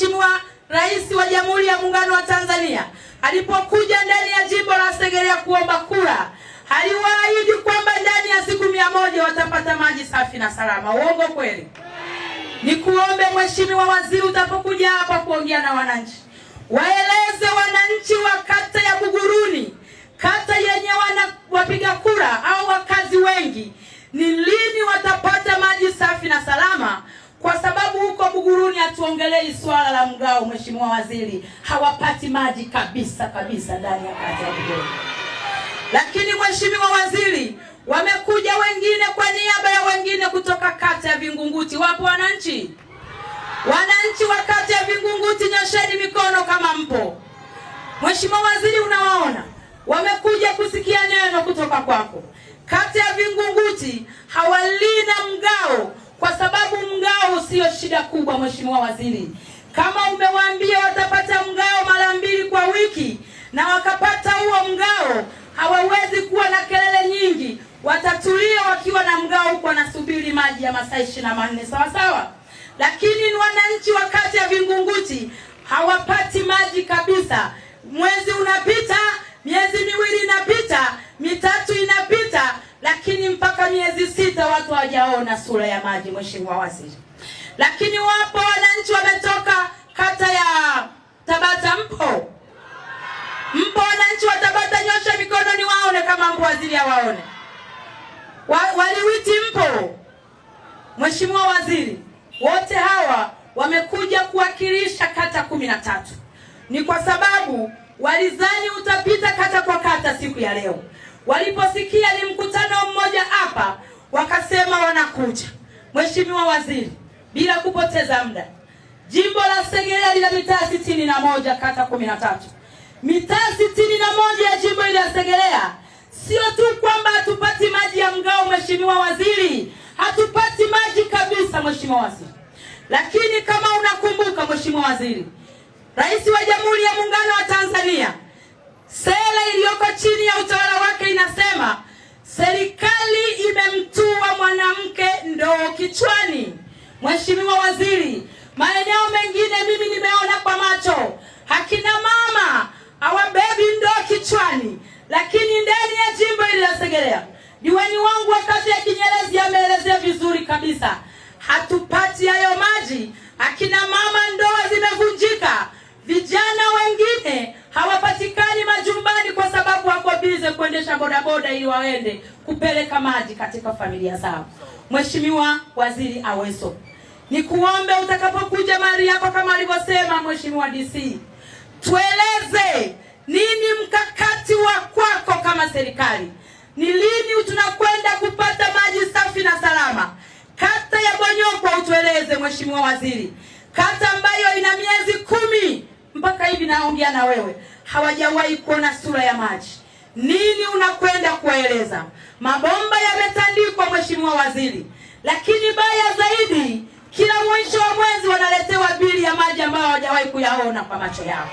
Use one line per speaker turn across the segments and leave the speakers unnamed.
Mheshimiwa Rais wa Jamhuri ya Muungano wa Tanzania alipokuja ndani ya jimbo la Segerea kuomba kura, aliwaahidi kwamba ndani ya siku mia moja watapata maji safi na salama. Uongo kweli? Ni kuombe Mheshimiwa Waziri, utapokuja hapa kuongea na wananchi, waeleze wananchi wa kata ya Buguruni, kata yenye wana wapiga kura au wakazi wengi, ni lini watapata tuongelei swala la mgao, mheshimiwa waziri, hawapati maji kabisa kabisa ndani ya kata ya Lakini mheshimiwa waziri, wamekuja wengine kwa niaba ya wengine kutoka kata ya Vingunguti. Wapo wananchi, wananchi wa kata ya Vingunguti, nyosheni mikono kama mpo. Mheshimiwa waziri, unawaona wamekuja kusikia neno kutoka kwako. Kata ya Vingunguti hawalina mgao kwa sababu mgao sio shida kubwa. Mheshimiwa Waziri, kama umewaambia watapata mgao mara mbili kwa wiki na wakapata huo mgao, hawawezi kuwa na kelele nyingi, watatulia wakiwa na mgao huko, wanasubiri maji ya masaa ishirini na manne sawa sawa. Lakini ni wananchi wa kata ya Vingunguti hawapati maji kabisa, mwezi unapita, miezi miwili inapita, mitatu inapita lakini mpaka miezi sita watu hawajaona sura ya maji, mheshimiwa waziri. Lakini wapo wananchi wametoka kata ya Tabata, mpo mpo wananchi wa Tabata, nyosha mikono ni waone kama mpo waziri, hawaone wa, waliwiti mpo mheshimiwa waziri. Wote hawa wamekuja kuwakilisha kata kumi na tatu. Ni kwa sababu walizani utapita kata kwa kata siku ya leo. Waliposikia ni mkutano mmoja hapa, wakasema wanakuja. Mheshimiwa Waziri, bila kupoteza muda, jimbo la Segerea lina mitaa sitini na moja kata kumi na tatu. Mitaa sitini na moja ya jimbo hili la Segerea, sio tu kwamba hatupati maji ya mgao, Mheshimiwa Waziri, hatupati maji kabisa, Mheshimiwa Waziri. Lakini kama unakumbuka Mheshimiwa Waziri, Rais wa Jamhuri ya Muungano wa Tanzania, sera iliyoko chini ya utawala Serikali imemtua mwanamke ndoo kichwani. Mheshimiwa Waziri, maeneo mengine mimi nimeona kwa macho, hakina mama hawabebi ndoo kichwani, lakini ndani ya jimbo hili la Segerea, diwani wangu wakati ya Kinyerezi ameelezea vizuri kabisa, hatupati hayo maji, akina mama ndoo bodaboda ili waende kupeleka maji katika familia zao. Mheshimiwa Waziri Aweso, nikuombe utakapokuja mahali hapa, kama alivyosema Mheshimiwa DC, tueleze nini mkakati wa kwako kama serikali, ni lini tunakwenda kupata maji safi na salama kata ya bonyokwa Utueleze Mheshimiwa Waziri, kata ambayo ina miezi kumi mpaka hivi naongea na wewe hawajawahi kuona sura ya maji nini unakwenda kuwaeleza? Mabomba yametandikwa, Mheshimiwa Waziri, lakini baya zaidi, kila mwisho wa mwezi wanaletewa bili ya maji ambayo hawajawahi kuyaona kwa macho yao.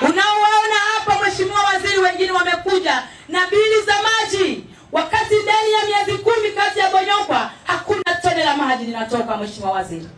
Unaowaona hapa Mheshimiwa Waziri, wengine wamekuja na bili za maji, wakati ndani ya miezi kumi kati ya Bonyokwa hakuna tone la maji linatoka, Mheshimiwa Waziri.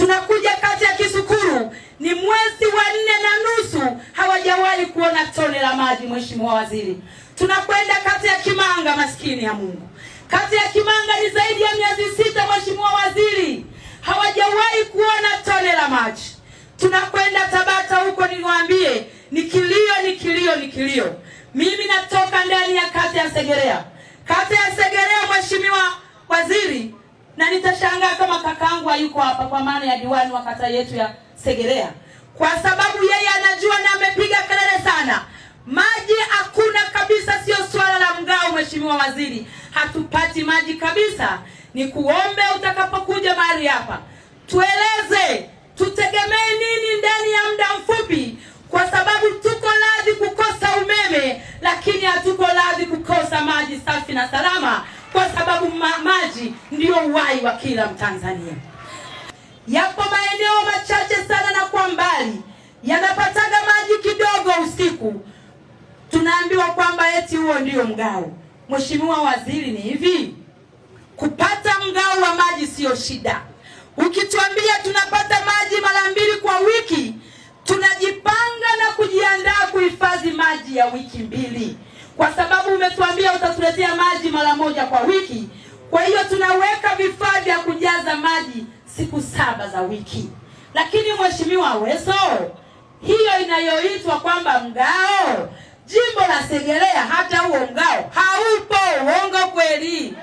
Tunakuja kata ya Kisukuru, ni mwezi wa nne na nusu, hawajawahi kuona tone la maji, Mheshimiwa Waziri. Tunakwenda kata ya Kimanga, maskini ya Mungu, kata ya Kimanga ni zaidi ya miezi sita, Mheshimiwa Waziri, hawajawahi kuona tone la maji. Tunakwenda Tabata huko, niwaambie ni kilio, ni kilio, ni kilio. Mimi natoka ndani ya kata ya Segerea, kata ya Segerea, Mheshimiwa Waziri na nitashangaa kama kakaangu hayuko hapa, kwa maana ya diwani wa kata yetu ya Segerea, kwa sababu yeye anajua na amepiga kelele sana. Maji hakuna kabisa, sio swala la mgao. Mheshimiwa Waziri, hatupati maji kabisa. Ni kuombe utakapokuja mahali hapa tueleze tutegemee nini ndani ya muda mfupi, kwa sababu tuko radhi kukosa umeme, lakini hatuko radhi kukosa maji safi na salama kwa sababu ma maji ndio uhai wa kila Mtanzania. Yapo maeneo machache sana na kwa mbali yanapataga maji kidogo usiku, tunaambiwa kwamba eti huo ndio mgao. Mheshimiwa Waziri, ni hivi, kupata mgao wa maji siyo shida. Ukituambia tunapata maji mara mbili kwa wiki, tunajipanga na kujiandaa kuhifadhi maji ya wiki mbili kwa sababu umetuambia utatuletea maji mara moja kwa wiki. Kwa hiyo tunaweka vifaa vya kujaza maji siku saba za wiki. Lakini Mheshimiwa Aweso, hiyo inayoitwa kwamba mgao jimbo la Segerea, hata huo mgao haupo. Uongo kweli?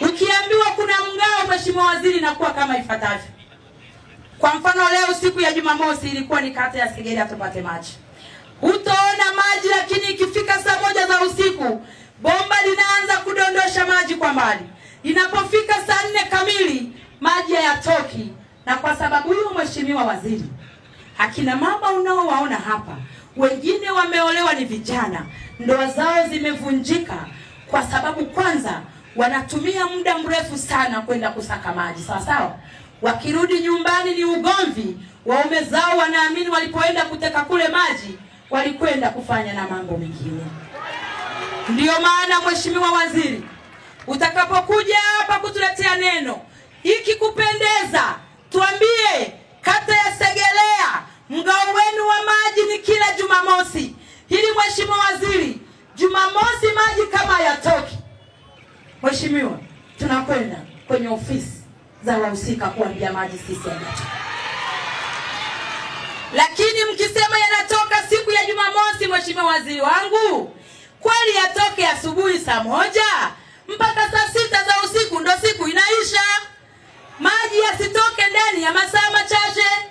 Ukiambiwa kuna mgao, Mheshimiwa Waziri, inakuwa kama ifuatavyo. Kwa mfano leo siku ya Jumamosi ilikuwa ni kata ya Segerea tupate maji utaona maji, lakini ikifika saa moja za usiku bomba linaanza kudondosha maji kwa mbali. Inapofika saa nne kamili maji hayatoki, na kwa sababu hiyo, Mheshimiwa Waziri, akina mama unaowaona hapa wengine wameolewa ni vijana, ndoa zao zimevunjika kwa sababu kwanza wanatumia muda mrefu sana kwenda kusaka maji, sawa sawa. Wakirudi nyumbani ni ugomvi, waume zao wanaamini walipoenda kuteka kule maji walikwenda kufanya na mambo mengine. Ndiyo maana Mheshimiwa Waziri, utakapokuja hapa kutuletea neno ikikupendeza, tuambie kata ya Segerea mgao wenu wa maji ni kila Jumamosi, hili Mheshimiwa Waziri, Jumamosi maji kama yatoki, Mheshimiwa, tunakwenda kwenye ofisi za wahusika kuambia maji sisi yanatoka, lakini mkisema yanatoka siku ya waziri wangu? Kweli atoke asubuhi saa moja mpaka saa sita za usiku ndo siku inaisha? Maji yasitoke ndani ya masaa machache.